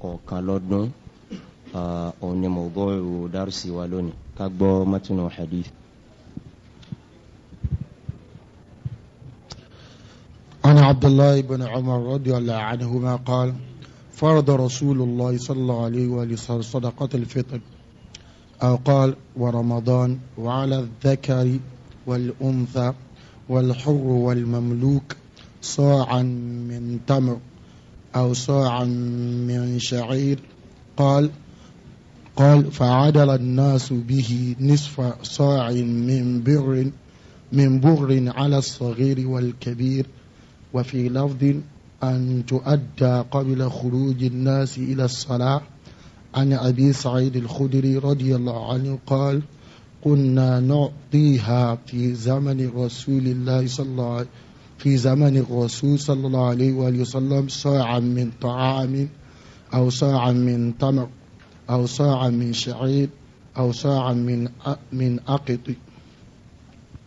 kọ̀ọ̀kan lọ́dún òun ni mo gbọ́ ìwò dárúsí wa lónìí ká gbọ́ mọ́túnú hadith. عن عبد الله بن عمر رضي الله عنهما قال فرض رسول الله صلى الله عليه وسلم صدقة الفطر أو قال ورمضان وعلى الذكر والأنثى والحر والمملوك صاعا من تمر أو صاعا من شعير قال قال فعدل الناس به نصف صاع من بر من بر على الصغير والكبير وفي لفظ أن تؤدى قبل خروج الناس إلى الصلاة عن أبي سعيد الخدري رضي الله عنه قال كنا نعطيها في زمن رسول الله صلى الله عليه وسلم في زمن الرسول صلى الله عليه وآله وسلم صاعا من طعام أو صاعا من تمر أو صاعا من شعير أو صاعا من من أقط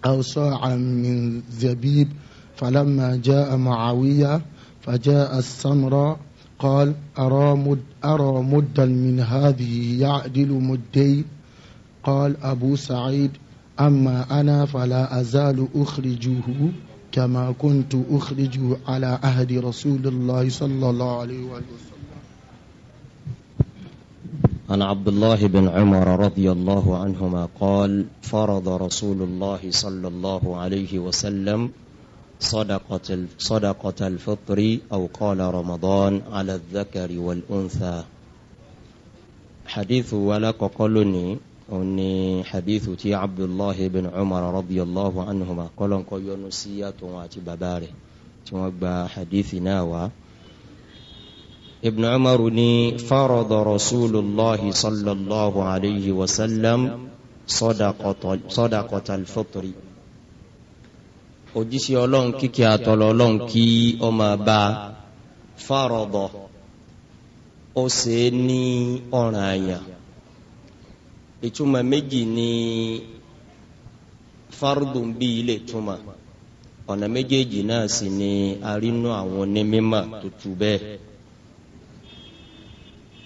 أو صاعا من زبيب فلما جاء معاوية فجاء السمراء قال أرى مد أرى مدا من هذه يعدل مدين قال أبو سعيد أما أنا فلا أزال أخرجه كما كنت أخرج على عهد رسول الله صلى الله عليه وسلم عن عبد الله بن عمر رضي الله عنهما قال فرض رسول الله صلى الله عليه وسلم صدقة صدقة الفطر أو قال رمضان على الذكر والأنثى حديث ولا قلني oni hadithu ti abdullahi bin umar radiyallahu anhuma kọlọn kọ yọnu sí yàtọ̀ wọn àti bàbá rẹ̀ tí wọ́n gba hadithi náà wá. ibn umar ni farada rasulullahi sallallahu alayhi wa sallam sadaqata alfitri. ojúṣe ọlọ́run kíkẹ́ àtọ̀lọ́ ọlọ́run kí ọ máa bá farada ó ṣe é ìtumọ̀ méjì ni fardun bí ilé ìtumọ̀ ọ̀nà méjèèjì náà sì ni arínú àwọn onímọ̀ tó tu bẹ́ẹ̀.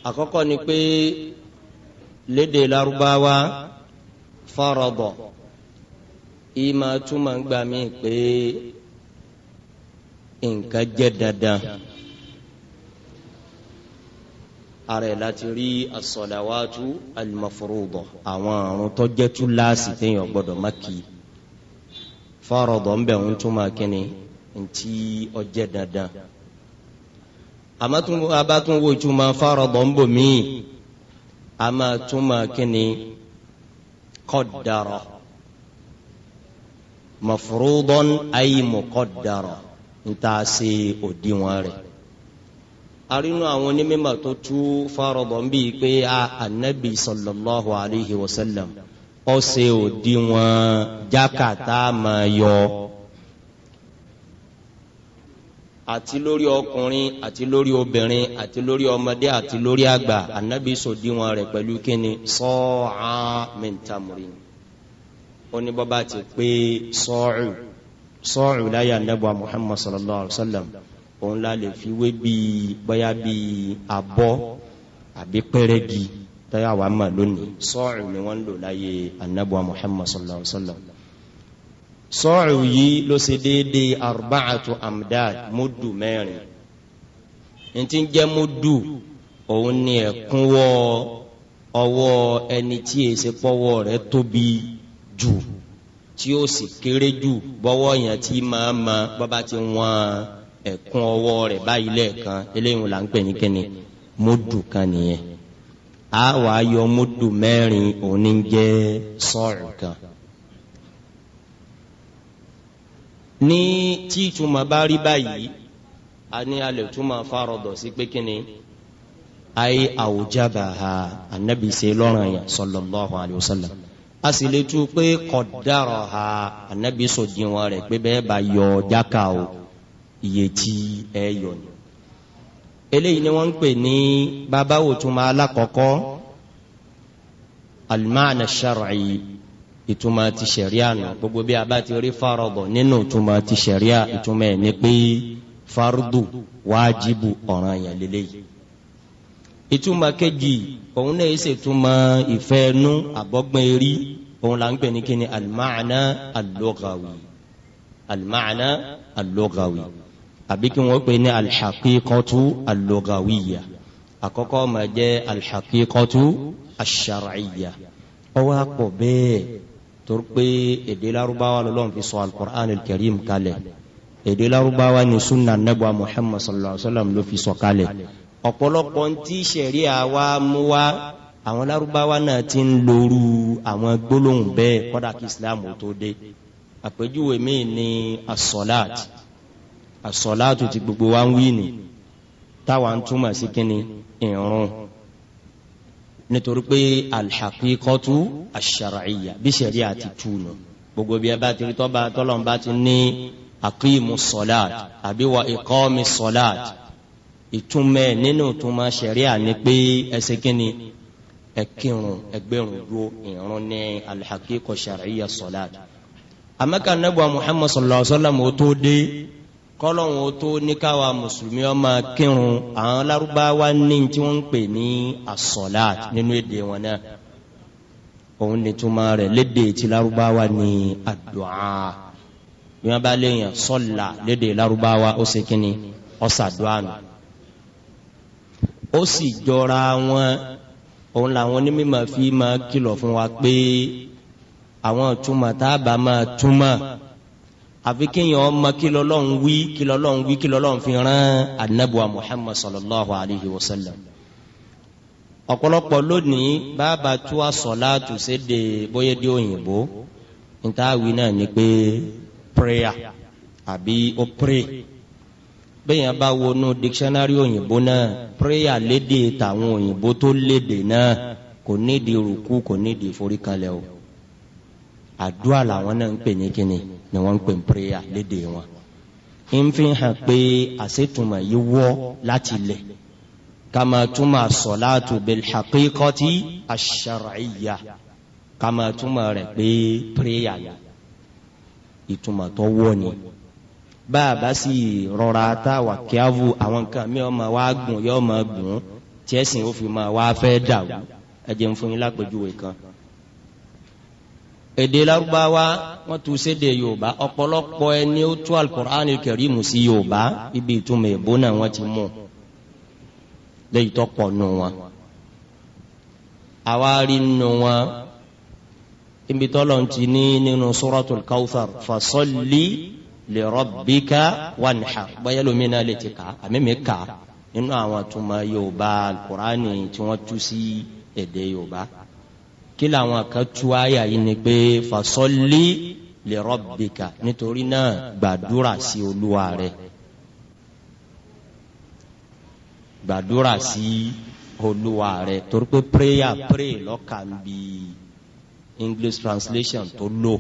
àkọ́kọ́ ni pé lédè lárúbáwá faradọ̀ ìmọ̀ túmọ̀ ń gbà mí pé nǹkan jẹ́ dandan ara ẹ̀ láti rí as-salawatu al-mafruḍah àwọn àrùn tó jẹ́ tú láàsì téèyàn gbọ́dọ̀ má kì í fárọ̀dọ̀ ń bẹ̀ ń túmọ̀ kínní ntí ọjẹ́ dandan abatunwo ìtumọ̀ fárọ̀dọ̀ ń bò míì a máa túmọ̀ kínní qaddara mafruḍan ay muqaddara ń arínú àwọn onímọ̀ tó tú fárọ̀bọ̀ ń bí pé a anabi sallallahu alayhi wa sallam ọ̀sẹ̀ òdiwọ̀n jákàtà máa yọ àti lórí ọkùnrin àti lórí obìnrin àti lórí ọmọdé àti lórí àgbà anabi sòdiwọ̀n rẹ̀ pẹ̀lú kíni sọ́ọ̀á mẹ́ntàmùrin ó ti pé sọ́ọ̀rù sọ́ọ̀rù láyé anabi wa muhammad sallallahu alayhi wa sallam òun la lè fi wé bíi bóyá bíi abọ́ àbí pẹ́rẹ́gì tọ́yà wàá mà lónìí sọ́ọ̀rù ni wọ́n ń lò láyé anábùwà muhammad sallallahu alayhi wa sallam sọ́ọ̀rù yìí ló ṣe déédéé arba'atu amdad mudu mẹ́rin ntí ń jẹ́ mudu òun ni ẹ̀kúnwọ́ ọwọ́ ẹni tí èsì pọ́wọ́ rẹ̀ tóbi jù tí ó sì kéré jù bọ́wọ́ yẹn tí máa ma bọ́ba ti wọ́n a ẹ̀kún ọwọ́ rẹ̀ báyìí lẹ́ẹ̀kan eléyìí là ń pè ní kíni módù kan nìyẹn a wà á yọ módù mẹ́rin òní jẹ́ sọ́ọ̀rù kan. ní tí ìtumọ̀ bá rí báyìí a ní alẹ́ ìtumọ̀ fárọ̀dọ̀ sí pé kíni ayé àwùjábà ha anabi ṣe lọ́rùn yẹn sallallahu alayhi wa sallam a sì lè tu pé kọ̀dárọ̀ ha anabi sòdiwọ̀n rẹ̀ pé bẹ́ẹ̀ bá yọ jákà iye tí ẹ yọ ni. eléyìí ni wọ́n ń pè ní babawo tuma alákọ̀ọ́kọ́ alimaana shar'i ìtumọ̀ ti sẹ̀ríà nù gbogbo bí a bá ti rí farabọ̀ nínú ìtumọ̀ ti sẹ̀ríà ìtumọ̀ ẹ̀ ní pé fardu wájibu ọ̀ràn yẹn lélẹ́yìí. ìtumọ̀ kejì òun náà ṣe ìtumọ̀ ìfẹ́ nú erí òun là ń pè ní kíni alimaana alughawi alimaana alughawi àbí kí wọ́n pè ní alḥaqiqatu alugawiyya àkọ́kọ́ máa jẹ́ alḥaqiqatu ashar'iyya ọwọ́ àpọ̀ bẹ́ẹ̀ torí pé èdè Lárúbáwá lọ́lọ́run fi sọ alukur'an alkarim kalẹ̀ èdè Lárúbáwá ni sunna nebà Muhammad sallallahu alaihi wa sallam ló fi sọ kalẹ̀ ọ̀pọ̀lọpọ̀ ntí sẹ̀ríà wa mú wa àwọn Lárúbáwá náà ti ń lóru àwọn gbólóhùn bẹ́ẹ̀ kọ́dà kí Islam tó dé àpèjúwe míì ní asọ́láàtì àsọ̀láàtù ti gbogbo wa ń wí ni táwa ń túmọ̀ sí kíni ìrun nítorí pé alḥàkíkọ́tù àṣàràyà bí sẹ̀rí àti túnu gbogbo bí ẹ bá ti rí tọ́ba tọ́lọ́n bá ti ní àkímù sọ̀láàt àbí wa ìkọ́mi sọ̀láàt ìtumẹ̀ nínú ìtumọ̀ sẹ̀rí àní pé ẹsẹ̀ kíni ẹ̀kírun ẹgbẹ̀rún dúró ìrun ní alḥàkíkọ́ sàràyà sọ̀láàt. àmọ́ kan nábì sallallahu alaihi wasallam ó tó dé kọ́lọ́hún ó tó ní káwa mùsùlùmí ọmọ kírun àwọn lárúbáwá ní tí wọ́n ń pè ní asọ́láàt nínú èdè wọn náà òun ni túmọ̀ rẹ̀ léde tí lárúbáwá ní àdúà bí wọ́n bá léèyàn sọ́là léde lárúbáwá ó ṣe kínní ọ̀sàdùá nù ó sì jọra wọn òun làwọn onímọ̀ fi máa kìlọ̀ fún wa pé àwọn túmọ̀ tá a bá máa túmọ̀ àfi kéèyàn ọmọ kí lọ́lọ́run wí kí lọ́lọ́run wí kí lọ́lọ́run fi rán anabuwa muhammad sallallahu alayhi wa sallam ọ̀pọ̀lọpọ̀ lónìí bàbá tó a sọ̀láàtù séde bóyá di òyìnbó níta wí náà ni pé prayer àbí ó pray bẹ́ẹ̀yàn bá wọnú dictionary òyìnbó náà prayer léde tàwọn òyìnbó tó léde náà kò nídìí rùkú kò nídìí foríkalẹ̀ o àdúrà làwọn náà ń pè ní kíni ni wọ́n ń pè ní prayer léde wọn. ń fi hàn pé àṣetùmọ̀ yìí wọ́ láti lẹ̀ kama tuma sọ̀láàtù bil haqiqati ash-shar'iyya kama tuma rẹ̀ pé prayer ni ìtumọ̀ tó wọ́ ni bá a bá sì rọra tá wà kíáfù àwọn nǹkan mi ọmọ wa gùn yọ ọmọ gùn tí ẹ̀sìn ó wá fẹ́ dà ẹ jẹun fún yín lápèjúwe kan èdè Lárúbáwá wọn tún sédè Yorùbá ọ̀pọ̀lọpọ̀ ẹni ó tú alukur'an kẹrìmù sí Yorùbá ibi ìtumọ̀ èbó náà wọn ti mú lẹ́yìn tó pọ̀ nù wọn. àwa rí nù wọn ibi tọ́lọ̀ ti ní nínú suratul Kawthar fasalli li rabbika wanhar bóyá lómi náà lè ti kà á àmì mi kà á nínú àwọn àtúmọ̀ Yorùbá alukur'an tí wọ́n tú sí èdè Yorùbá kí làwọn kan tú àyà yìí ni pé fasọ́lì li rabbika nítorí náà gbàdúrà sí olúwa rẹ gbàdúrà sí olúwa rẹ torí pé prayer pray lọ́kàn bí English translation tó lò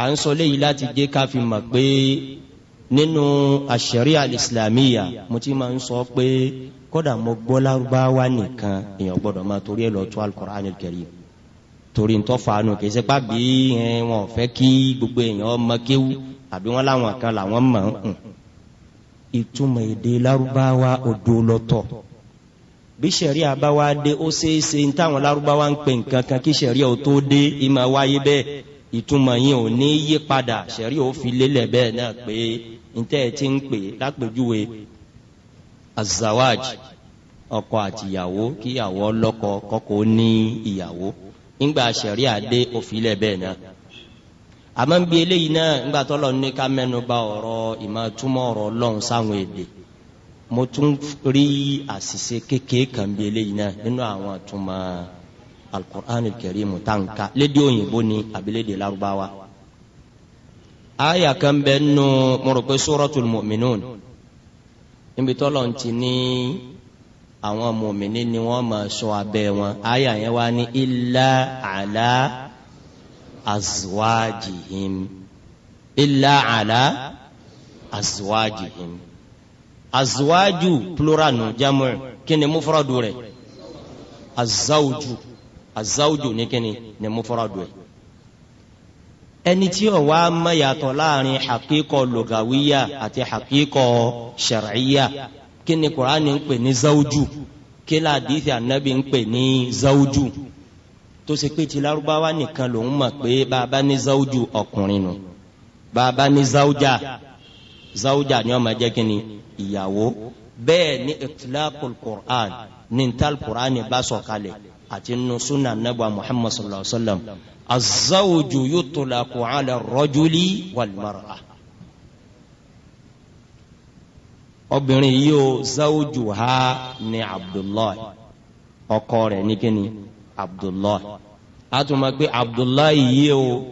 à ń sọ léyìí láti jẹ́ ká fi mọ̀ pé nínú àṣẹ̀rí al mo ti máa ń sọ pé kódà mo gbọ́ lárúbáwá nìkan èèyàn gbọ́dọ̀ máa torí ẹ̀ lọ tó alukur'an kẹrì torí ń tọ́fà nù kì í sẹ́pà bí wọn ò fẹ́ kí gbogbo èèyàn ọmọ kéwú àbí wọn láwọn kan làwọn mọ̀ ń ìtumọ̀ èdè lárúbáwá odò lọ́tọ̀ bí sẹ̀ríà bá wá dé ó ṣeéṣe ní táwọn lárúbáwá ń pè nǹkan kan kí sẹ̀ríà ó tó dé ìmọ̀ wáyé bẹ́ẹ̀ ìtumọ̀ yìí ò ní yí padà sẹ̀ríà ó fi lélẹ̀ bẹ́ẹ̀ náà pé ntẹ́ ẹ ti ń pè lápèjúwe azawaj ọkọ àtìyàwó kíyàwó ọlọ́kọ kọ́kọ́ ní ìyàwó ńgbà sẹ̀ríà dé òfìlẹ̀ bẹ́ẹ̀ náà àmọ́ ń bi eléyìí náà ńgbà tó lọ ní ká mẹ́nu bà ọ̀rọ̀ ìmọ̀túmọ̀ ọ̀rọ̀ ọlọ́run sáwọn èdè mo tún rí àṣìṣe kékeré kan bi eléyìí náà nínú àwọn àtúmọ̀ alukur'an kẹrìmù táǹkà lédè òyìnbó ni àbílédè lárúbáwá. àyà kan bẹ́ẹ̀ nù mo rò pé suratul mu'minun níbi tọ́lọ̀ ń ti ní àwọn mòmìnì ni wọ́n máa sọ abẹ́ wọn àyà yẹn wá ní illa ala azwajihim illa ala azwajihim azwaju plural nù jamu kí ni mufradu rẹ̀ azawju azawju ní kí ni ni mufradu rẹ̀ ẹni tí ó wá mọ̀ yàtọ̀ láàrin hakíkọ lùgàwíyà àti hakíkọ shar'iyya kí ni kuraani ń pè ní zawju kí ni àdìsí ànábì ń ni ní zawju tó ṣe pé ti Lárúbáwá nìkan ló ń mọ̀ pé bàbá ní zawju ọkùnrin nù bàbá ní zawja zawja ni ó máa jẹ́ kí ni ìyàwó bẹ́ẹ̀ ni itlaqul Qur'an ní ntal kuraani bá àti nínú súnà nàbà muhammad sallallahu alaihi wa sallam azawuju yutlaqu ala rajuli wal mar'a. obìnrin yìí ó zawuju ha ní abdullahi ọkọ rẹ̀ ní kíni abdullahi a tún máa gbé abdullahi yìí ó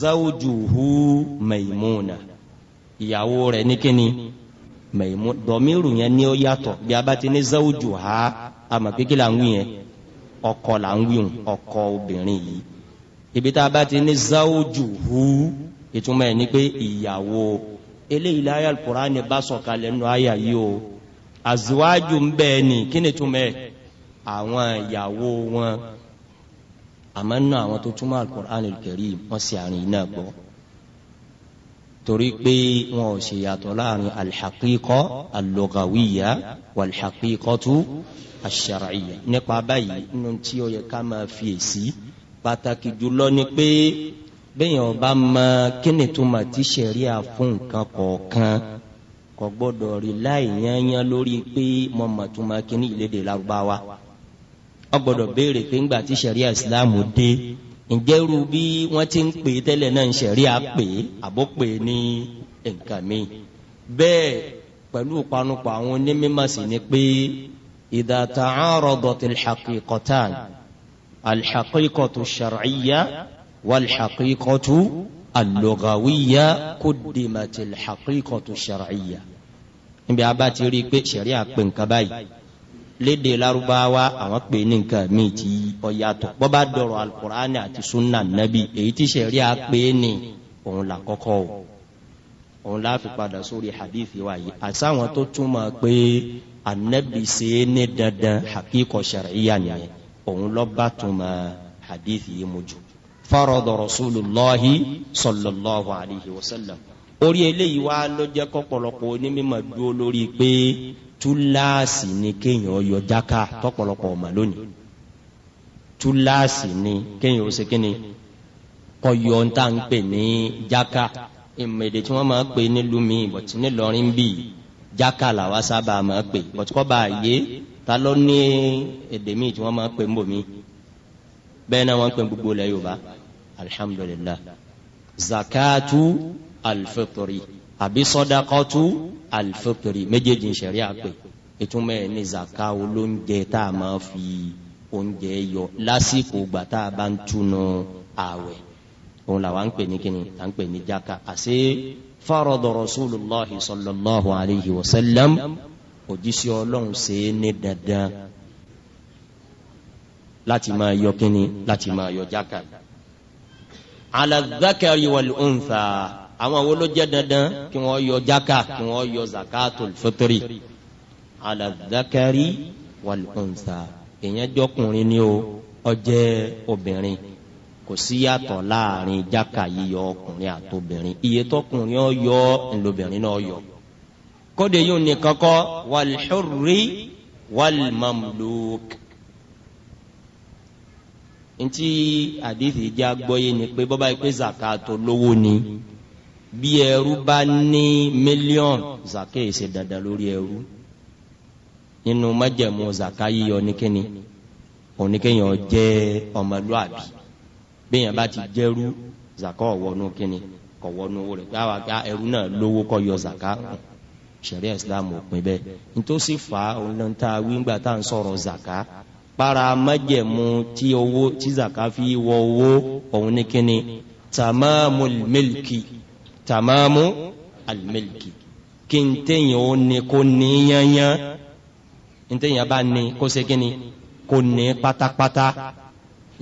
zawuju hu maimuna ìyàwó rẹ̀ ní maimuna dọ̀míìrù yẹn ni ó yàtọ̀ bí a bá ti ní zawuju ha a máa kí la ń wí yẹn ọkọ là ń wíhun ọkọ obìnrin yìí ibi tá a bá ti ní záwójú hu ìtumọ̀ ẹ̀ ni pé ìyàwó eléyìí láyà alukurani bá sọ̀kalẹ̀ nù àyà yìí o àzíwájú ń bẹ́ẹ̀ ni kí ni túmọ̀ ẹ̀ àwọn ìyàwó wọn àmọ́ nù àwọn tó túmọ̀ alukurani kẹrí wọ́n sì àrùn iná gbọ́ torí pé wọn ò ṣèyàtọ̀ láàrin alḥàkíkọ́ alọ́gàwíyà wàlḥàkíkọ́ tú aṣ-ṣar'iyya nípa báyìí nínú tí ó yẹ ká máa fi èsì pàtàkì jùlọ ni pé bẹ́ẹ̀ ọba mọ kíni tó máa ti ṣẹ̀ríà fún nǹkan kọ̀ọ̀kan kò gbọ́dọ̀ rí láì yányán lórí pé mo mọ̀ tó máa kíni ìlédè lárúbáwá ó gbọ́dọ̀ béèrè pé ńgbà tí ṣẹ̀ríà ìsìláàmù dé ǹjẹ́ irú bí wọ́n ti ń pè é tẹ́lẹ̀ náà ń ṣẹ̀ríà pè é àbó pè é ní nǹkan mi bẹ́ẹ̀ pẹ̀lú ìpanupọ̀ àwọn onímọ̀ sí ni pé إذا تعارضت الحقيقتان الحقيقة الشرعية والحقيقة اللغوية قدمت الحقيقة الشرعية níbi a bá ti rí i pé sẹ̀rí àpè nǹkan báyìí léde Lárúbáwá àwọn pè ní nǹkan míì tí ó yàtọ̀ bó bá dọ̀rọ̀ alukur'ani àti sunna nabi èyí tí sẹ̀rí àpè ní òun là kọ́kọ́ o òun láfi padà sórí hadithi wa yìí àtàwọn tó túmọ̀ pé anabi ṣe é ní dandan hakíkọ sariya nìyẹn òun lọ bá túmọ̀ hadithi yìí mu jù farada rasulillahi sallallahu alayhi wa sallam orí eléyìí wá ló jẹ́ kọ́pọ̀lọpọ̀ onímọ̀ dúró lórí pé túláàsì ni kéèyàn yọ jáká tọ́pọ̀lọpọ̀ ọmọ lónìí túláàsì ni kéèyàn ó ṣe kíni kọ́ yọ ń tà ń pè ní jáká ìmọ̀èdè tí wọ́n máa pè nílùú mi bọ̀tí nílọrin bíi jákàlà wa sábà máa pè bọ̀tí kọ́ bá yé ta ló ní èdè míì tí wọ́n máa pè mbò bẹ́ẹ̀ náà wọ́n pè gbogbo ilẹ̀ yorùbá alihamudulilah zakatu alifitiri àbí sọdakọtu alifitiri méjèèjì ń sẹ̀rí àpè ìtumọ̀ ẹ̀ ní zaka olóúnjẹ tá a máa fi oúnjẹ yọ lásìkò gbà bá ń túnú ààwẹ̀ òun làwọn ń pè ní kíni à ń pè ní jaka àṣé farada rasulullahi sallallahu alayhi wa sallam òjíṣẹ́ ọlọ́run ṣe é ní dandan láti máa yọ kíni láti máa yọ jaka ala dhakari wal untha àwọn wo ló jẹ́ dandan kí wọ́n yọ jaka kí wọ́n yọ zakatul fitri ala dhakari wal untha jọkùnrin ni o ó obìnrin kò sí yàtọ̀ láàrin jáka yíyọ ọkùnrin àtobìnrin iye tọkùnrin ọyọ ńlọbìnrin náà yọ kóde yóò ní kankọ walhurri walmamluk ntí àdìsí jẹ́ agbọ́yé ni pé bọ́bá yìí pé zaka tó lówó ni bí ẹrú bá ní mílíọ̀n zaka yìí ṣe dandan lórí ẹrú nínú májẹ̀mú zaka yíyọ oníkíni oníkíyàn jẹ́ ọmọlúàbí bẹ́ẹ̀yàn bá ti jẹ́rú zaka ọ̀wọ́nú kínní kọ̀wọ́nú rẹ̀ káwa ká ẹrú náà lówó kọ́ yọ zaka sẹ̀rí islam òpin bẹ́ẹ̀ nítòsí fa ọ̀nà tá a wí tá à ń sọ̀rọ̀ zaka para májẹ̀mú tí owó tí zaka fi wọ owó òun ní kínní tamamu milki tamamu almilki kí n téèyàn ó ní kó ní yányán n téèyàn bá ní kó ṣe kínní kó ní pátápátá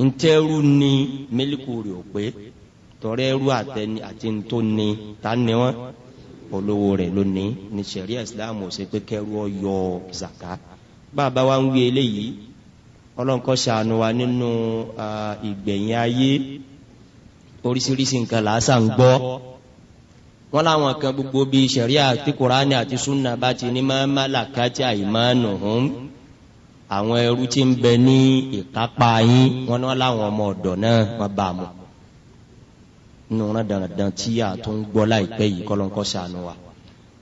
ntẹ́rù ni mílíkù rẹ̀ ò pé tọ́rẹ́rù àtẹni àti ntó ni ta ni wọ́n olówó rẹ̀ ló ní ní sẹ̀ríà islam ò ṣe pé kẹ́rù ọ yọ zaka bàbá wa ń wí eléyìí ọlọ́nkọ́ ṣàánú wa nínú ìgbẹ̀yìn ayé oríṣiríṣi nǹkan làásà ń gbọ́ wọn làwọn kan gbogbo bíi sẹ̀ríà tí kùránì àti súnà bá ti ní mọ́ málàkàtì àìmánù hùn àwọn ẹrú tí ń bẹ ní ìkápá yín wọn náà láwọn ọmọ ọ̀dọ̀ náà wọn bá a mọ nínú wọn dandan tí a tó ń gbọ́ láìpẹ́ yìí kọlọńkọ sànù wa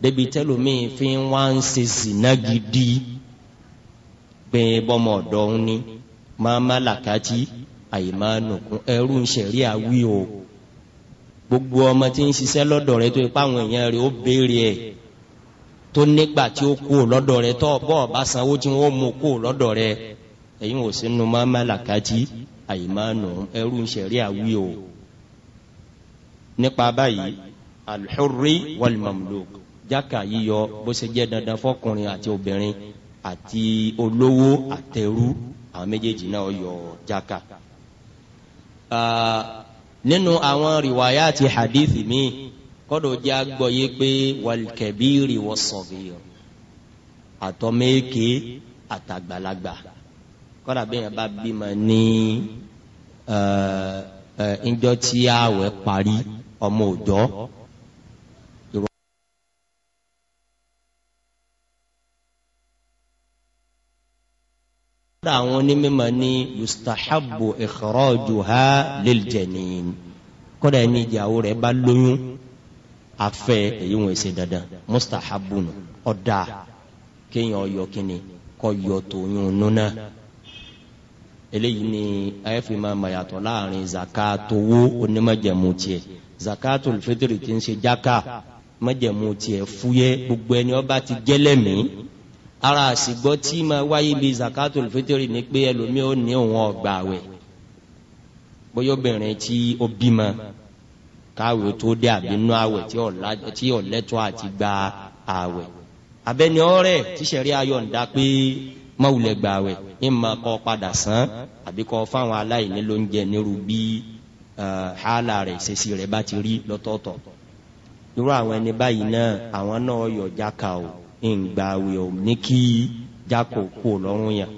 débi tẹlómiì fi ń wá ń ṣe sìnà gidi pé bọmọ ọ̀dọ̀ ń ní máa má làkàtì àyè máa nùkún ẹrú ń ṣẹ̀rí àwí o gbogbo ọmọ tí ń ṣiṣẹ́ lọ́dọ̀ rẹ tó ipá àwọn èèyàn rẹ ó béèrè ẹ̀ tó nígbà tí ó kú lọ́dọ̀ rẹ tó bọ́ ọba sanwó tí wọ́n mú kú lọ́dọ̀ rẹ èyí ò sínú mọ́mọ́ làkàtì àyèmánu ẹrú ń ṣẹ̀rí àwí o nípa báyìí alḥurri walmamluk jáka yíyọ bó ṣe jẹ́ dandan fọkùnrin àti obìnrin àti olówó àtẹrú àwọn méjèèjì náà yọ jáka. Ah, nínú àwọn rìwáyà àti hadith míì kọ́dọ̀ jẹ́ agbọ́yé pé wàlùkẹ́bìrì wọ́n sọ̀rọ̀ àtọ́mẹ́kẹ́ àtàgbàlagbà kọ́dà bẹ́ẹ̀ bá bímọ ní ǹjọ́ tí ààwẹ̀ parí ọmọ òjọ́. kódà àwọn onímọ̀ ní yustahabu ikhrajuha lil janin kódà ẹni ìyàwó rẹ̀ bá lóyún afẹ́ èyí wọn ṣe dandan mustahabun ọ̀dà kéèyàn ọyọ kínni kọ́ yọ tòun núná eléyìí ni ayẹ́fì máa ma yàtọ̀ láàrin zakato wo onímọ̀jẹ̀mú tiẹ̀ zakato fitiri ti ń ṣe jáka mọ̀jẹ̀mú tiẹ̀ fúyẹ́ gbogbo ẹni ọba ti jẹ́lẹ̀mí ara àsìgbọ́ tí ma wáyé bí zakato fitiri ni pé ẹlòmíì ó ní òun ọgbà wẹ̀ bóyá obìnrin tí ó bímọ káwé tó dé àbínú àwẹ̀ tí ọ̀lẹ́tọ̀ àti gba àwẹ̀ abẹ́ni ọ̀rẹ́ tíṣẹ̀rí ayọ̀ǹda pé mọ̀wulẹ̀ gba àwẹ̀ ní ma kọ́ padà sàn àbí kọ́ fáwọn aláìní ló ń jẹ nírú bí hàlà rẹ̀ ṣèṣì rẹ̀ bá ti rí lọ́tọ̀ọ̀tọ̀ irú àwọn ẹni báyìí náà àwọn náà yọ jáka o ìgbà àwẹ̀ ò ní kí jákò kú lọ́rùn yàn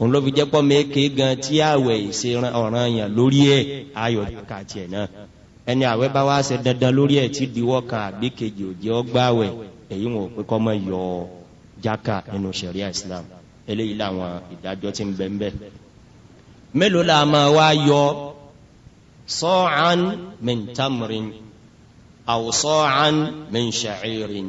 òun ló fi jẹ́ pọ́ mẹ́kẹ́ gan tí àwẹ̀ ìṣe ẹni àwẹ̀ bá wá ṣe dandan lórí ẹ̀ tí diwọ́ kan àbí kejì òjì ọgbàwẹ̀ èyí wọn ò pé kọ́ mọ́ yọ jáka nínú sẹ̀ríà Islam eléyìí làwọn ìdájọ́ ti ń bẹ ń bẹ. mélòó la máa wá yọ sa'an min tamrin aw sa'an min sha'irin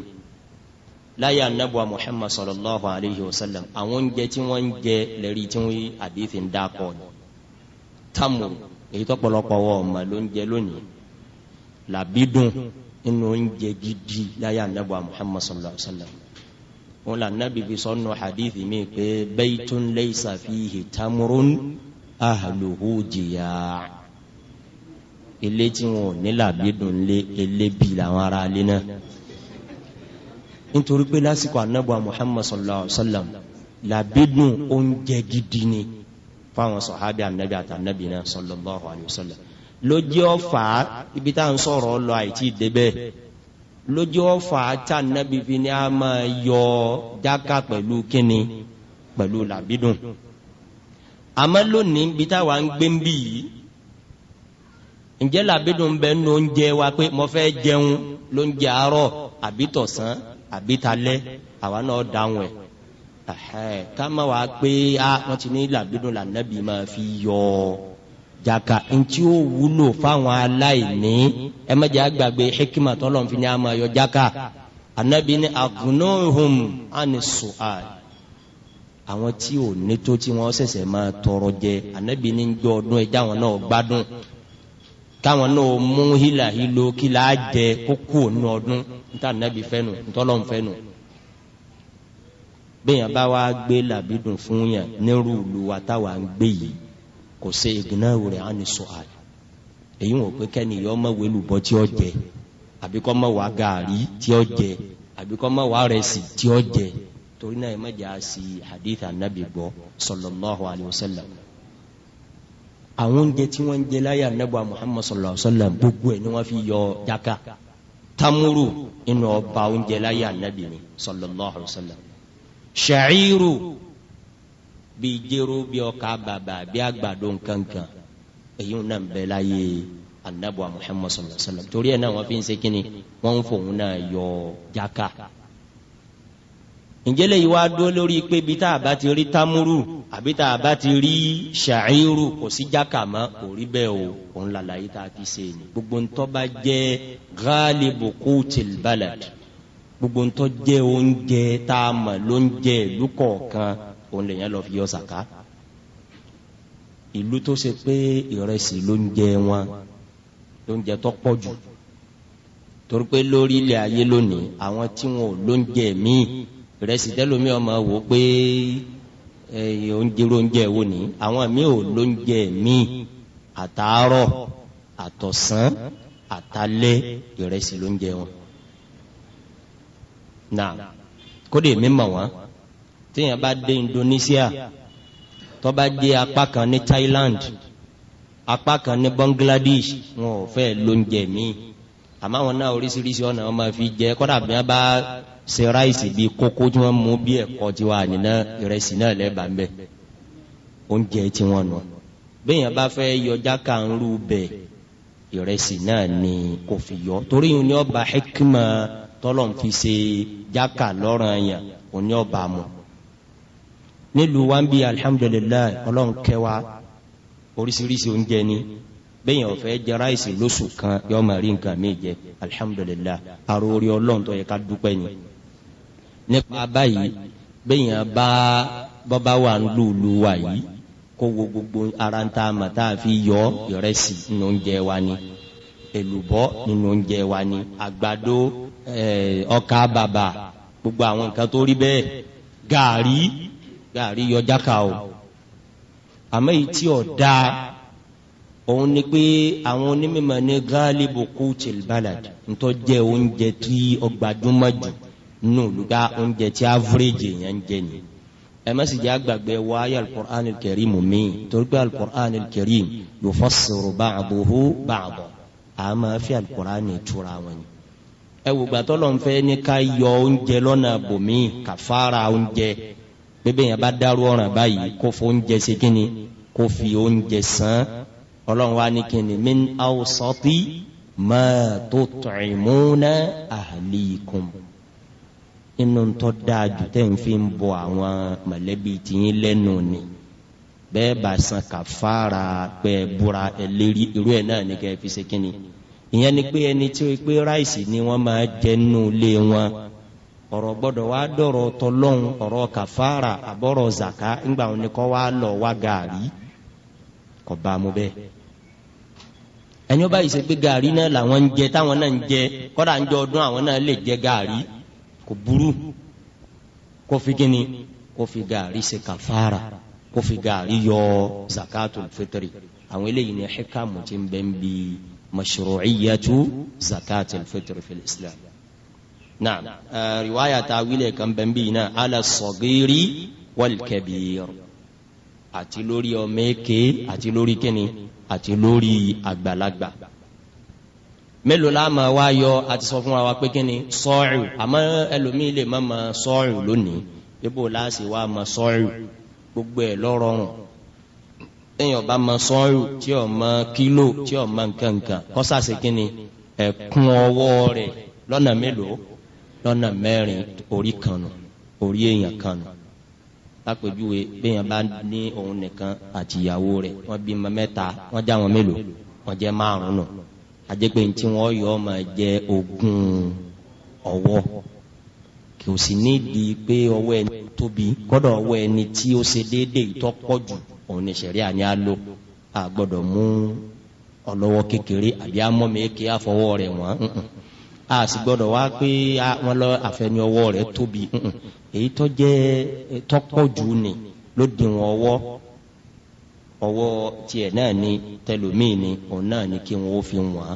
láyé anabu Muhammad sallallahu alayhi wa sallam àwọn oúnjẹ tí wọ́n ń jẹ lẹ́rí tí wọ́n yí àdéhìí ń dákọ̀ tamur èyí tó pọ̀lọpọ̀ wọ̀ ọ̀ mà lónìí làbídùn inú oúnjẹ gidi láyé anábọ̀ muhammad sallallahu alayhi wa sallam wọn là nábì fi sọnù hadith mi pé baytun laysa fihi tamurun ahluhu jìyà ilé tí wọn ò ní làbídùn lé elébi làwọn ará ilé náà nítorí pé lásìkò anábọ̀ muhammad sallallahu alayhi wa sallam làbídùn oúnjẹ gidi ni fáwọn sọ̀hábì anábì àtànábì náà sallallahu alayhi wa sallam lójú ọ̀fà ibi tá à ń sọ̀rọ̀ lọ àìtí débẹ̀ lójú ọ̀fà tá nàbí fi ni a máa yọ jáka pẹ̀lú kíni pẹ̀lú làbídùn àmọ́ lónìí ibi táwa ń gbé ń bì yìí ǹjẹ́ làbídùn bẹ ń lo oúnjẹ wa pé mo fẹ́ jẹun lóúnjẹ àárọ̀ àbí tọ̀sán àbí talẹ́ àwa náà dáhùn ẹ̀ ká má wàá pé ah, wọ́n ti ní làbídùn lànàbí máa fi yọ ọ́. jàkà ntí ó wúlò fáwọn aláìní ẹ má jẹ́ àgbàgbé hikima tọ́lọ́n fi ní àmà yọ jàkà anabi ni agunohum ani su'al àwọn tí ò ní tó tí wọ́n sẹsẹ máa tọrọ jẹ anabi ni gbọ́ ọdún ẹja àwọn náà gbádùn káwọn náà mú kí jẹ kókó ọdún anabi fẹnu fẹnu bẹ́ẹ̀ yẹn bá wá gbé làbídùn fún yẹn nírú wa táwa ń gbé yìí kò ṣe ìgbìnnáwó rẹ̀ á ní sọ àlè èyí wọn pé kẹ́ni yọ ọmọ wẹlú bọ́ tí ó jẹ àbí kọ́ mọ̀ wá gàárì tí ó jẹ àbí kọ́ mọ̀ wá rẹsì tí ó jẹ torí náà ẹ má jà sí hadith anabi gbọ́ sallallahu alayhi wa sallam àwọn oúnjẹ tí wọ́n ń jẹ láyé anabi muhammad sallallahu alayhi wa sallam gbogbo ẹ̀ ni wọ́n fi yọ jaka tamuru inú ọba oúnjẹ láyé anabi ni sallallahu alayhi wa sallam sha'iru bí jéró bí ọkà bàbà bí àgbàdo nkankan èyí náà ń bẹ láyé anabuwa muhammad sallallahu alaihi wa sallam torí ẹ náà wọn fi ń ṣe kínní wọn ń fòun náà yọ jaka ìjẹlẹ yìí wá dúró lórí pé bí tá a bá ti rí tamuru àbí tá a bá ti rí ṣàìrù kò sí jaka mọ kò rí bẹ́ẹ̀ o òun làlàyé tá a fi ṣe ni gbogbo ntọ́ bá jẹ́ ghalibu qutil balad gbogbo ntọ́ jẹ́ oúnjẹ tá a mọ̀ ló ń jẹ òun lèyàn lọ fi yọ sàká ìlú tó ṣe pé ìrẹsì ló ń jẹ wọn ló ń jẹ tó pọ̀ jù torí pé lórí ilẹ̀ ayé lónìí àwọn tí wọn ò ló ń jẹ míì ìrẹsì tẹlomi ọmọ wò pé oúnjẹ oúnjẹ wo ni àwọn míì ò ló ń jẹ míì àtàárọ̀ àtọ̀sán àtalẹ́ ìrẹsì ló ń jẹ wọn. nà kódé mi mọ̀ wọ́n téèyàn bá dé Indonesia tó bá dé apá kan ní Thailand apá kan ní Bangladesh wọn ò fẹ́ lóúnjẹ míì àmọ́ àwọn náà oríṣiríṣi ọ̀nà wọn máa fi jẹ kọ́dà bí wọ́n bá ṣe ráìsì bíi kókó tí wọ́n mú bí ẹ̀kọ́ tí wọ́n àníná ìrẹsì náà lẹ́ẹ̀bà ń bẹ̀ oúnjẹ tí wọ́n nù. béèyàn bá fẹ́ yọjá kàńrú bẹ̀ ìrẹsì náà ni kò fi yọ torí òun ni ọba hekima tọ́lọ̀ ń fi ṣe jáka lọ́rọ̀ yẹn òun ọba mu nílùú wa ń bí alihamudulilayi ọlọ́run kẹwa oríṣiríṣi oúnjẹ ni bẹ́yìn ọ̀fẹ́ jẹ ráìsì lóṣù kan yọ máa rí nǹkan mi jẹ alihamudulilayi àrò orí ọlọ́run tó yẹ ká dúpẹ́ ni nípa báyìí bẹ́yìn bá bọ́bá wà ń lùlù wà yìí kó wo gbogbo ara ń ta àmà tá a fi yọ ìrẹsì nínú oúnjẹ wa ni èlùbọ́ nínú oúnjẹ wa ni àgbàdo eh, ọkà bàbà gbogbo àwọn nǹkan tó rí bẹ́ẹ̀ gàárì gàrí yọ jáka o àmọ́ èyí tí ò dáa òun ni pé àwọn onímọ̀ ní gáàlíbù kúchìl balad ntọ́ jẹ́ oúnjẹ tí ọgbàdúnmọ̀ jù nù lùgá oúnjẹ tí áfíríjì yẹn ń jẹ ni ẹ má sì jẹ́ àgbàgbé wa ayé alukur'an kẹrìm mi torí pé alukur'an kẹrìm yóò fọ́ sọ̀rọ̀ báàbòhó báàbò àmọ́ fi alukur'an tura wọn ẹ wò gbàtọ́ lọ́nfẹ́ ní ká yọ oúnjẹ lọ́nà bòmí kàfàrà oúnjẹ bébè yẹn bá dárú ọ̀ràn báyìí kó fo oúnjẹ ṣe kíni kó fi oúnjẹ san ọlọ́run wa ní kíni min awsati ma tut'imuna ahlikum inú tó dáa jù tẹ́ ń fi ń bọ àwọn mọ̀lẹ́bí tiyín lẹ́nu ni bẹ́ẹ̀ bá san kàfàrà pé búra ẹlẹ́rí irú ẹ̀ náà ní kẹ́ fi ṣe kíni ìyẹn ni pé ẹni tí ó pé ráìsì ni wọ́n máa jẹ́ nù lé wọn ọ̀rọ̀ gbọ́dọ̀ wá dọ̀rọ̀ tọlọ́hún ọ̀rọ̀ kàfàrà àbọ̀rọ̀ zàká ńgbà wọn ni kọ́ wá lọ wá gàrí kò bá mu bẹ́ẹ̀. ẹni ó báyìí ṣe pé gàrí náà làwọn ń jẹ táwọn náà ń jẹ kọ́dà ń jọ ọdún àwọn náà lè jẹ gàrí kò burú kó fi gíní kó fi gàrí ṣe kàfàrà kó fi gàrí yọ zakatul fitri àwọn eléyìí ni hikamu ti ń bẹ́ẹ̀ bí mashru'iyatu zakatul fitri náà eh, riwaya ta wílẹ̀ kan bẹ́ẹ̀ bí náà ala sọ̀gẹ́rì wọ́lkẹ̀bìr àti lórí ọmọ èké àti lórí kíni àti lórí àgbàlagbà mélòó la máa wá yọ àti sọ fún wa pé kíni sọ́ọ̀rù àmọ́ ẹlòmíì lè má ma sọ́ọ̀rù lónìí bíbò láàṣì wá ma sọ́ọ̀rù gbogbo ẹ̀ lọ́rọ̀rùn èèyàn bá ma sọ́ọ̀rù tí ò mọ kílò tí ò mọ nkankan kọ́sàsì kíni ẹ̀kún ọwọ́ rẹ̀ lọ́nà mélòó lọ́nà mẹ́rin orí kan nù orí èèyàn kan nù lápèjúwe béèyàn bá ní òun nìkan àti ìyàwó rẹ̀ wọ́n bí ọmọ mẹ́ta wọ́n já wọn mélòó wọ́n jẹ́ márùn-ún nù àjẹpé ntí wọ́n yọ ọmọ jẹ ogún ọwọ́ kì ó sì ní di pé ọwọ́ ẹni tóbi kọ́dọ̀ ọwọ́ ẹni tí ó ṣe déédéé tó jù òun ní sẹ̀ríà ni a lò a mú ọlọ́wọ́ kékeré àbí amọ́mẹ́kẹ́ àfọwọ́ rẹ̀ wọ́n a sì gbọ́dọ̀ wá pé wọ́n lọ àfẹnú ọwọ́ rẹ̀ tóbi èyí tó jẹ́ eh, tọ́pọ̀ jù ni ló di wọn ọwọ́ ọwọ́ tiẹ̀ náà ni tẹlómìn ni òun náà ni kí wọn ó fi wọ́n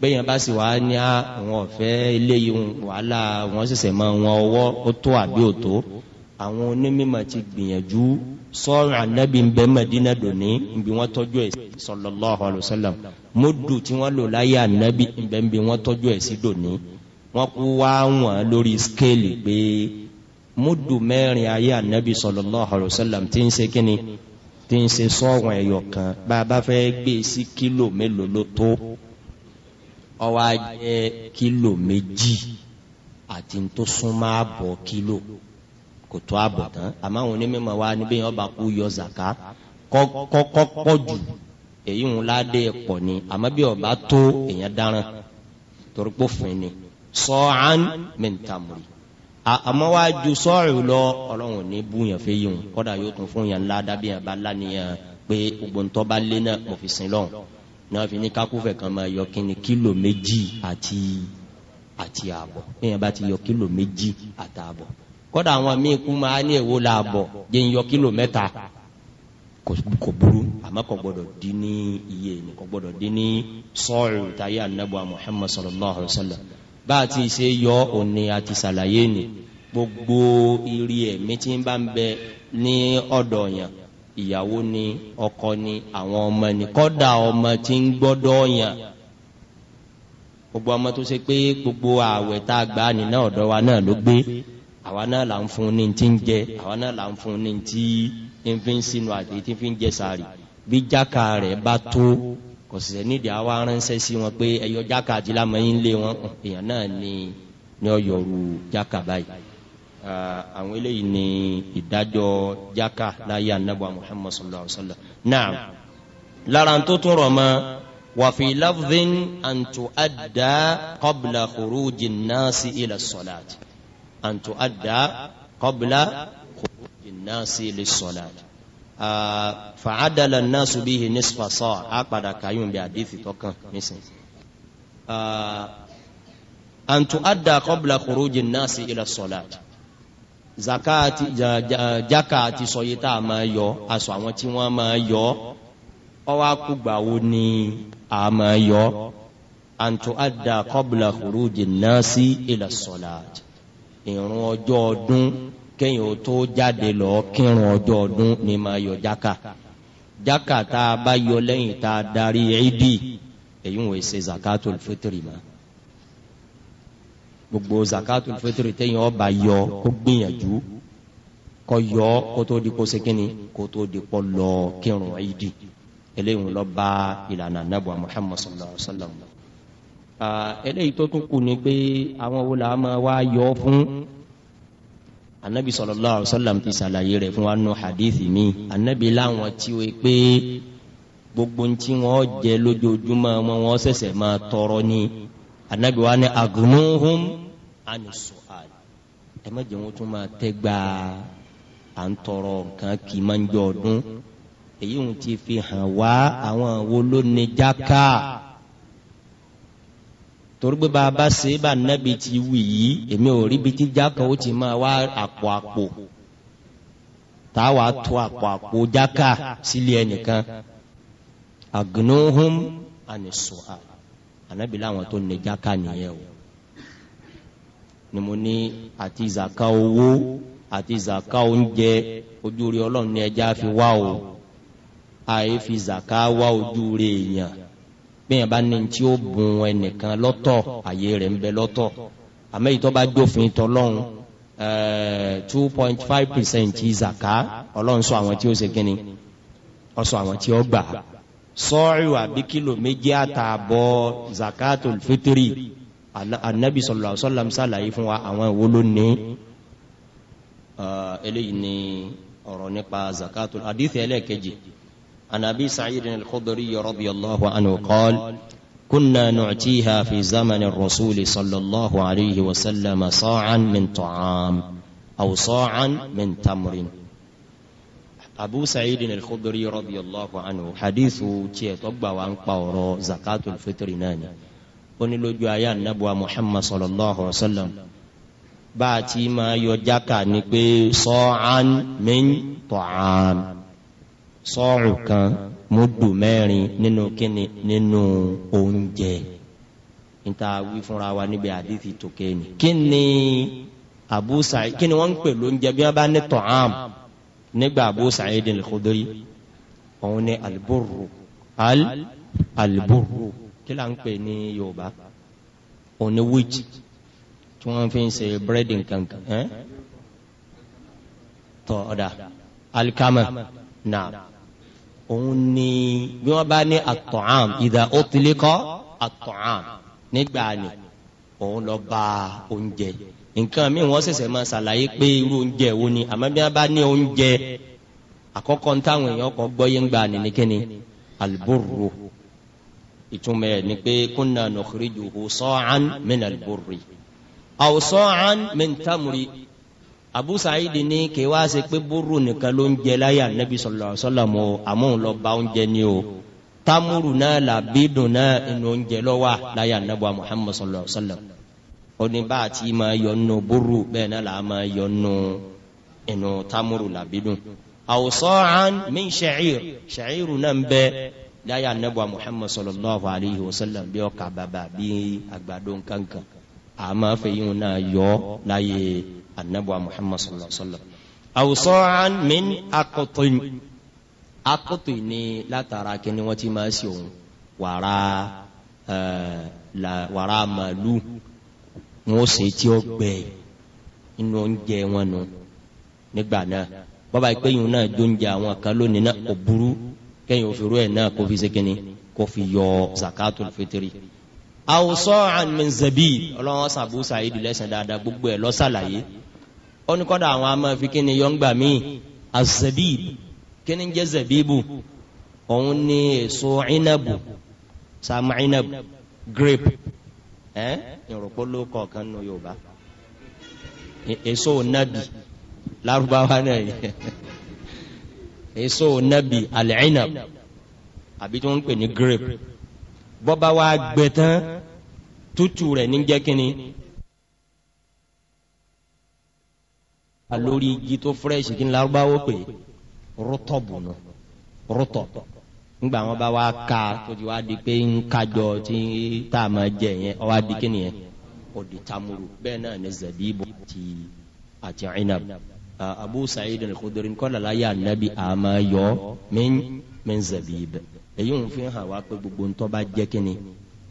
bẹ́yẹn bá sì wá ní àwọn ọ̀fẹ́ eléyìí wàhálà wọn ṣẹ̀ṣẹ̀ mọ wọn ọwọ́ ó tó àbí ò tó àwọn onímọ̀ ti gbìyànjú sọ́ọ̀rọ̀ anabi nbẹ Madina dòní nbí wọ́n tọ́jú ẹ̀ sallallahu alaihi wasallam mudu tí wọ́n lò láyé anabi nbẹ nbí wọ́n tọ́jú ẹ̀ sí dòní wọ́n kú wá wọn lórí skéèlì pé mudu mẹ́rin ayé anabi sallallahu alaihi wasallam tí ń ṣe kíni tí ń ṣe sọ́ọ̀rọ̀ ẹ̀yọ̀ kan bá a bá fẹ́ gbé sí kílò mélòó tó ó wá jẹ́ kílò méjì àti kò tó àbọ̀ tán àmọ́ àwọn onímọ̀ wa níbí yẹn ọba kú yọ zaka kọ́kọ́kọ́ jù èyí ń ládé pọ̀ ni àmọ́ bí ọba tó èèyàn dáràn torí pé òfin ni sọ́ọ̀án mẹ́ntàmùrì àmọ́ wá ju sọ́ọ̀rù lọ ọlọ́run ní búyàn fẹ́ yìí wọn kọ́dà yóò tún fún yàn ńlá dábì yàn bá lánìyàn pé ògbóǹtọ́ bá lé náà kò fi sin lọ́hùn náà fi ní kákúfẹ̀ kan máa yọ kíni kílò méjì àti àti ààbọ̀ bí yàn bá ti yọ kílò méjì àtààbọ̀ kọ́dà àwọn míì kú máa ní èwo la bọ̀ jẹ́ ń yọ kílò mẹ́ta kò burú àmọ́ kò gbọ́dọ̀ dín ní iye ni kò gbọ́dọ̀ dín ní sọ́ọ̀rù táyé anabu muhammad sallallahu alayhi wa sallam bá a ti ṣe yọ òní àti ṣàlàyé ni gbogbo irí ẹ̀mí tí ń bá ń bẹ ní ọ̀dọ̀ yàn ìyàwó ni ọkọ ni àwọn ọmọ ni kọ́dà ọmọ tí ń gbọ́dọ̀ yàn gbogbo ọmọ tó ṣe pé gbogbo ààwẹ̀ tá a gbà nínú ọ̀dọ̀ wa náà ló gbé àwa náà là ń fún ní ti ń jẹ àwa náà là ń fún ní ti ń fi ń sinú àti ti fi ń jẹ sàárì bí jáka rẹ̀ bá tó kò sì sẹ́ nídìí àwa ránṣẹ́ sí wọn pé ẹ̀yọ jáka àti lámọ̀ yín lé wọn èèyàn náà ni ni ọ yọrù jáka báyìí àwọn eléyìí ni ìdájọ́ jáka láyé anábọ̀ muhammad sallallahu alayhi wa sallam náà lára tó tún rọ̀ mọ́ wàfi lafdhin an tu'adda qabla khuruji nnaasi ila salati an tu'adda qabla khuruji an-nasi lis-salat fa'adala an-nasu bihi nisfa sa'a á padà kàyún bí àdéfì tọkàn nísìnyí an tu'adda qabla khuruji an-nasi ila as-salat zakati jaka àti sọyí tá a máa yọ aṣọ àwọn tí wọ́n máa yọ ọwọ́ wo ni a máa yọ an tu'adda qabla khuruji an-nasi ila salat ìrun ọjọ́ ọdún kéèyàn ó tó jáde lọ kírun ọjọ́ ọdún ni máa yọ jáka jáka tá a bá yọ lẹ́yìn tá a darí ìdí èyí ń wò ṣe zakatul fitri ma gbogbo zakatul fitri téèyàn ọba yọ kó gbìyànjú kó yọ kó tó di kó sekínì kó tó di kó lọ kírun ìdí eléyìí ń lọ bá ìlànà nàbọ Muhammad sallallahu alaihi wa sallam eléyìí tó tún kù ni pé àwọn wo la máa wá yọ fún anabi sallallahu alaihi wasallam ti ṣàlàyé rẹ̀ fún wa nù hadithi mi anabi láwọn tí o pé gbogbo ntí wọn jẹ lójoojúmọ́ wọn wọn ṣẹ̀ṣẹ̀ máa tọrọ ni anabi wa ni agunuhum anusu ali ẹ má jẹ wọn tún máa tẹ gbàá à ń tọrọ nǹkan kì í máa ń jọ ọdún èyí ń ti fi hàn wá àwọn wo ló ní jáká torí ba bá a bá ṣe é bá nábì ti wì yìí èmi ò rí ibi tí jákà ó ti máa wá àpò àpò tá a wàá tó àpò àpò jákà sílé agnohum anisua anabi làwọn tó ní jákà nìyẹn o ni mo ní àti zaka owó àti zaka oúnjẹ ojú rí ọlọ́run ní ẹja fi wá o àyè fi zaka wá ojú rí èèyàn bẹ́ẹ̀ bá ní tí ó bùn ẹnìkan lọ́tọ̀ àyè rẹ̀ ń bẹ lọ́tọ̀ àmọ́ èyí tó bá jófin tọ́lọ́hún eh, two point five percent zaka ọlọ́run sọ àwọn tí ó ṣe kínni ọ sọ àwọn tí ó gbà sọ́ọ̀rì wà bí kìlò méjì àtààbọ̀ zakatul fitiri anabi sọlọ sọlọm sàlàyé fún wa àwọn ìwo ló ní eh, eléyìí ni ọ̀rọ̀ nípa zakatul hadith ẹlẹ́ẹ̀kejì. عن أبي سعيد الخضري رضي الله عنه قال كنا نعتيها في زمن الرسول صلى الله عليه وسلم صاعا من طعام أو صاعا من تمر أبو سعيد الخضري رضي الله عنه حديث تيتوبا وان قورو زكاة الفطر ناني onílójú ayé anabuwa muhammad sallallahu alaihi wa sallam bá a ti máa yọ jáka ni sọ́ọ̀rù kan múdù mẹ́rin nínú kíni nínú oúnjẹ níta wí fúnra wa níbi àdìsí tòkè ni. kíni Abu Sa'id kíni wọ́n ń pè lóúnjẹ bí wọ́n bá ní tọ̀hám nígbà Abu Sa'id al-Khudri òun ni alburru al alburru kí là ń pè ní Yorùbá òun ni wíjì tí wọ́n fi ń ṣe búrẹ́dì nkankan tọ́ ọ̀dà alikama náà òun ni bí wọ́n bá ní àtọ̀ám ìdá ó tilé kọ́ àtọ̀ám nígbà ni òun lọ bá oúnjẹ nǹkan mi wọ́n ṣẹ̀ṣẹ̀ máa ṣàlàyé pé irú oúnjẹ wo ni àmọ́ bí wọ́n bá ní oúnjẹ àkọ́kọ́ ń táwọn èèyàn kan gbọ́ yé ń gbà ní alburu ìtumọ̀ ẹ̀ ni pé kúnnà nukhriju sa'an min alburi aw sa'an min tamri abu sa'id ní kí wá ṣe pé búrú nìkan ló ń jẹ láyà nabi sallallahu alaihi wasallam àmọ́ òun lọ bá oúnjẹ ni o tamuru náà làbídùn náà inú oúnjẹ lọ́wọ́ láyà nabi muhammad sallallahu alaihi wasallam oníbà tí máa yọ nù búrú bẹ́ẹ̀ náà là máa yọ nù inú tamuru làbídùn awusọ́ọ̀án min ṣẹ̀cìr ṣẹ̀cìrù náà ń láyà nabi muhammad sallallahu alaihi wasallam bí ọkà bàbà bí àgbàdo nkankan àmọ́ fẹ̀yìn náà yọ láyé anabuwa muhammad sallallahu alaihi wa sallam. àwùsọ̀ràn mi akọ̀tọ̀ akọ̀tọ̀ ni látara kí ni wọ́n ti máa ṣe òun wàrà eh, wàrà màlúù wọn ó ṣe tí ó gbẹ inú oúnjẹ wọn nù nígbà náà bọ́ba ìpéyìn náà jóúnjẹ àwọn kan lónìí náà kò burú kẹ́yìn òfìrú ẹ̀ náà kò fi ṣe kínní kò fi yọ zakatul fitiri awusọ́ọ̀n mẹ́nzẹ̀bí ọlọ́wọ́n sàbú sàyídù lẹ́sìn dáadáa gbogbo ẹ̀ lọ́sàlàyé ó ní kọ́dà àwọn amáfi kí ni yọ̀ǹgbà mí azẹ̀bí kí ni jẹ́ zẹ̀bíbù òun ní èso inabu sàmà inabu grape ẹ̀ ìrùpọ̀lọ́ kọ̀ọ̀kan nù yorùbá èso nabi lárúbáwá náà yẹ èso nabi alẹ́ inabu àbí tí wọ́n ń pè ní grape bọ́ba wa gbẹ tán tútù rẹ̀ ní jẹ́ kínní. alórí igi tó fúrẹ́ṣì kí n lárúbáwó pé rọ́tọ̀bù nù rọ́tọ̀ ngba wọn bá wa ka tó ti wá di pé ń kájọ tí tá a máa jẹ yẹn ọ wá di kí nìyẹn òdì tamuru bẹ́ẹ̀ náà ni zabibu àti àti inab abu sa'id al-khudri la láyé nabi àmà yọ min min zabib èyí ń fi hàn wá pé gbogbo ń tọ́ba jẹ́ kínni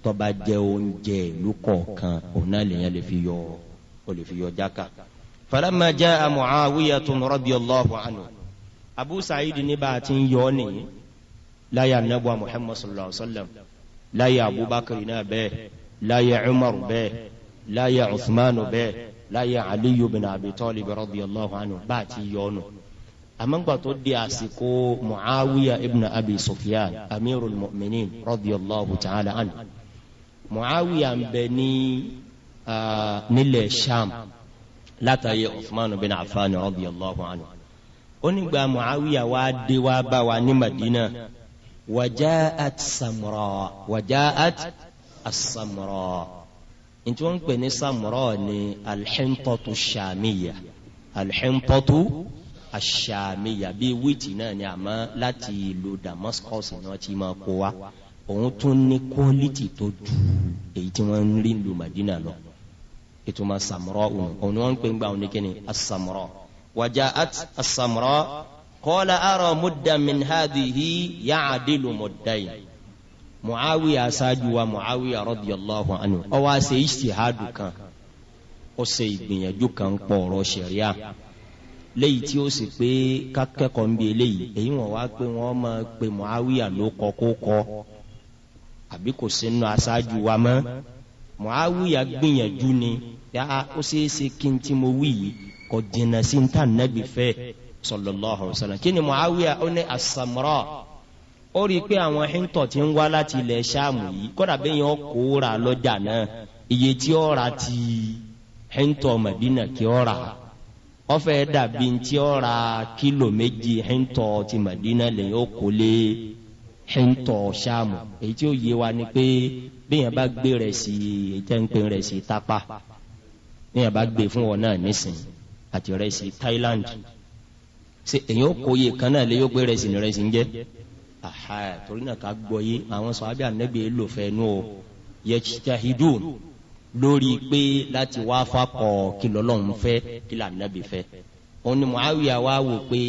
tọ́ba jẹ́ oúnjẹ ìlú kọ̀ọ̀kan òun náà lèyàn lè fi yọ ọ lè fi yọ jáka. falamma jaa Muawiyatun radiyallahu anhu Abu Sa'id ní bá a ti ń yọ ọ nìyí láyé anabuwa Muhammad sallallahu alaihi wa sallam láyé Abubakar náà bẹ́ẹ̀ láyé Umar bẹ́ẹ̀ láyé Uthman bẹ́ẹ̀ láyé Aliyu bin Abi Talib radiyallahu anhu bá a ti yọ ọ nù amangba tó di àsìkò muawiya ibn abi sufyan amirul mu'minin radiyallahu ta'ala anhu muawiya ń bẹ ní nílẹ̀ sham látàyè uthman bin affan radiyallahu anhu onigba muawiya wá dé wá bá wa ní madina wajaat samra wajaat asamra nti wọn pè ní samra ni alḥintatu shamiya alḥintatu aṣàmìyà bíi wíìtì náà ni àmọ́ láti ìlú Damascus ni wọ́n ti máa kó wa òun tún ní kọ́lítì tó ju èyí tí wọ́n ń rí ìlú Madina lọ ìtumọ̀ samurọ̀ òun òun ni wọ́n ń pè ń gbà òun ní kíni asamurọ̀ wàjà at asamurọ̀ kọ́lá àrọ̀ muddamin hadihi yaadilu muddayi muawiya aṣáájú wa muawiya radiyallahu anhu ó wá ṣe ìṣtihadu kan ó ṣe kan pọ̀ ọ̀rọ̀ léyìí tí o sì pé kákẹ́kọ̀ọ́ ń bi eléyìí èyí wọn wá pé wọn pe muawiya ló kọ kó kọ àbí kò aṣáájú wa muawiya gbìyànjú ni ya ó ṣeé ṣe kí n tí mo wí yìí kò dènà sí n tà nẹ́bi fẹ́ kí ni muawiya ó ní ó rí i pé àwọn hìntọ̀ ti ń wá láti ilẹ̀ ṣáàmù yìí kódà bẹ́ẹ̀ yẹn kó ra ọfẹ dàbí ntí ọra kìlò méjì hìntọ ti Madina lẹ́yìn ó kó lé hìntọ sàmù èyí tí ó yé wa ni pé bíyàn bá gbé rẹ̀ sí ìtẹ́ǹpé rẹ̀ sí tapa bíyàn bá gbé fún wọn náà nísìn àti rẹ̀ sí Thailand ṣe èyí ó kó yé kan náà lẹ́yìn ó gbé rẹ̀ sí ní rẹ̀ sí ń jẹ́ aha torí náà ká gbọ́ yé àwọn sọ abẹ́ ànẹ́gbẹ̀ẹ́ lò fẹ́ nú o yẹ títà hídùn lórí pé láti wá fakọ kìlọ́lọ́hún fẹ́ kìlà nàbì fẹ́ òun ni muawiya wá wò pé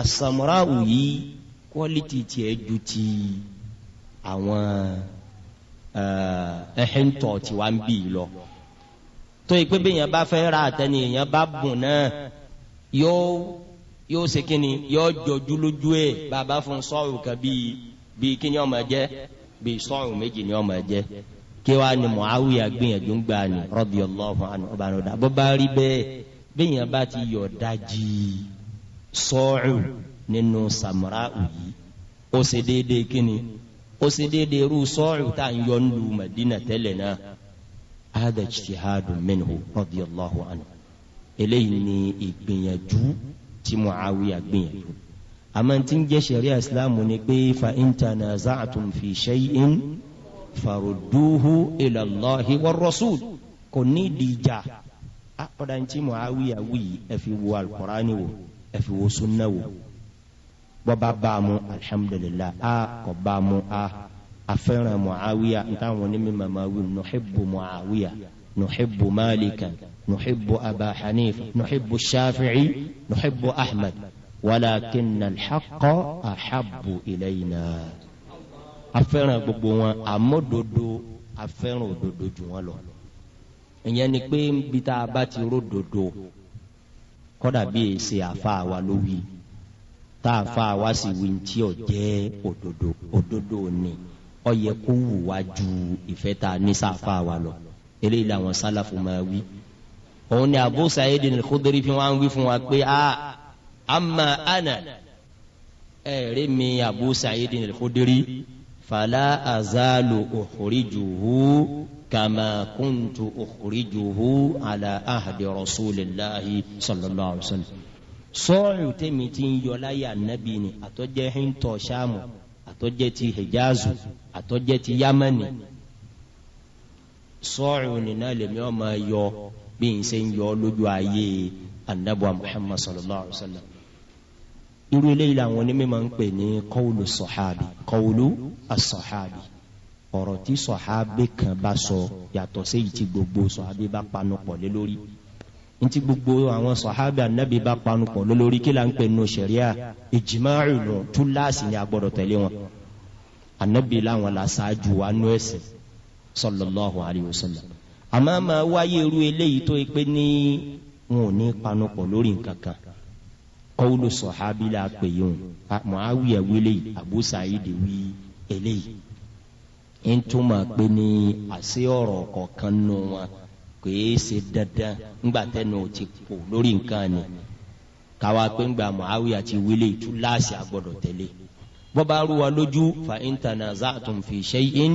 asamurawu yìí kwaliti tiẹ̀ ju ti àwọn ẹ̀hẹ́ntọ̀ tí wàá ń bì í lọ tó yìí pé bẹ́ẹ̀yàn bá fẹ́ ra àtẹni èèyàn bá bùn náà yóò yóò ṣe kíni yóò jọjú lójú ẹ bàbá fún sọ́ọ̀rù kan bíi bíi kíni ọmọ jẹ bíi sọ́ọ̀rù méjì ni ọmọ jẹ kí wàá ní Muawiya gbìyànjú ń gbà ní radiyallahu anhu ọba ní ọ̀dà bọ́bá rí bẹ́ẹ̀ bẹ́yìn bá ti yọ̀ dájì sọ́ọ̀rù nínú samarau yìí ó ṣe déédéé kíni ó ṣe déédéé irú sọ́ọ̀rù tá à ń yọ nílu Madina tẹ́lẹ̀ náà hadha ijtihadu minhu radiyallahu anhu eléyìí ni ìgbìyànjú tí Muawiya gbìyànjú àmọ́ tí ń jẹ́ sẹ̀ríà Islam ni pé fa in tanaza'tum fi shay'in faruduhu ilallahi wa rasul kò ní ìdíjà ọ̀dà ń tí mo awi awi ẹ fi wo alukurani wo ẹ fi wo sunna wo bọ́ba bá mu alhamdulilah a kò bá mu a afẹ́ràn muawiya ntáwọn onímọ̀ màwí nuhibbu muawiya nuhibbu malikan nuhibbu aba hanifa nuhibbu shafi'i nuhibbu ahmed walakin alhaqa ahabbu ilayna afẹ́ràn gbogbo wọn àmọ́dodo afẹ́ràn òdodo jù wọn lọ ìyẹn ni pé bí tá a bá ti ródodo kọ́dà bí èsì àfa àwa ló wí tá a fa àwa sì wí tí ò jẹ́ òdodo òdodo ni ó yẹ kó wù wá ju ìfẹ́ tá a ní sáfa àwa lọ eléyìí làwọn sálàfù máa wí òun ni Abu Sa'id al-Khudri fi wọn wí fún wa pé a amma ana ẹ̀rí mi Abu Sa'id al-Khudri fàlà àzàlù ukhrijuhu kàmà kuntu ukhrijuhu àlà ahdi rasulillahi sallallahu alayhi wa sallam. sọ́ọ̀rù tèmi ti ń yọ láyé ànábì ni àtọ́jẹ́ hìntọ́ sàmù àtọ́jẹ́ ti hijazu àtọ́jẹ́ ti yamani sọ́ọ̀rù nínú ẹlẹ́mi ọmọ yọ bí n ṣe ń yọ lójú ayé anabuwa muhammad sallallahu alayhi wa sallam irú eléyìí làwọn onímọ̀ ń pè ní kọ́wùlù sọ̀hábì kọ́wùlù asọ̀hábì ọ̀rọ̀ tí sọ̀hábì kan bá sọ yàtọ̀ sí èyí tí gbogbo sọ̀hábì bá panupọ̀ lé lórí ntí gbogbo àwọn sọ̀hábì ànábì bá panupọ̀ lé lórí kí là ń pè nù sẹ̀ríà ìjìmáàrì lọ túláàsì ni a gbọ́dọ̀ tẹ̀lé wọn ànábì làwọn là ṣáájú wa nú ẹ̀sìn sallallahu alayhi wa sallam àmọ́ máa wáyé irú eléyìí tó yẹ pé ní kọ́wúlù sọ̀hábí la pè yín o muawiya wele abu sa'idi wi eléyìí ń túmọ̀ pé ní àṣẹ ọ̀rọ̀ kọ̀ọ̀kan nù wọn kò yé ṣe dandan ńgbà tẹnu ò ti kù lórí nǹkan ni káwa pé ńgbà muawiya ti wele ìtúláàsì agbọ́dọ̀ tẹ̀lé bọ́bá rúwa lójú fa in tanaza'tum fi shay'in.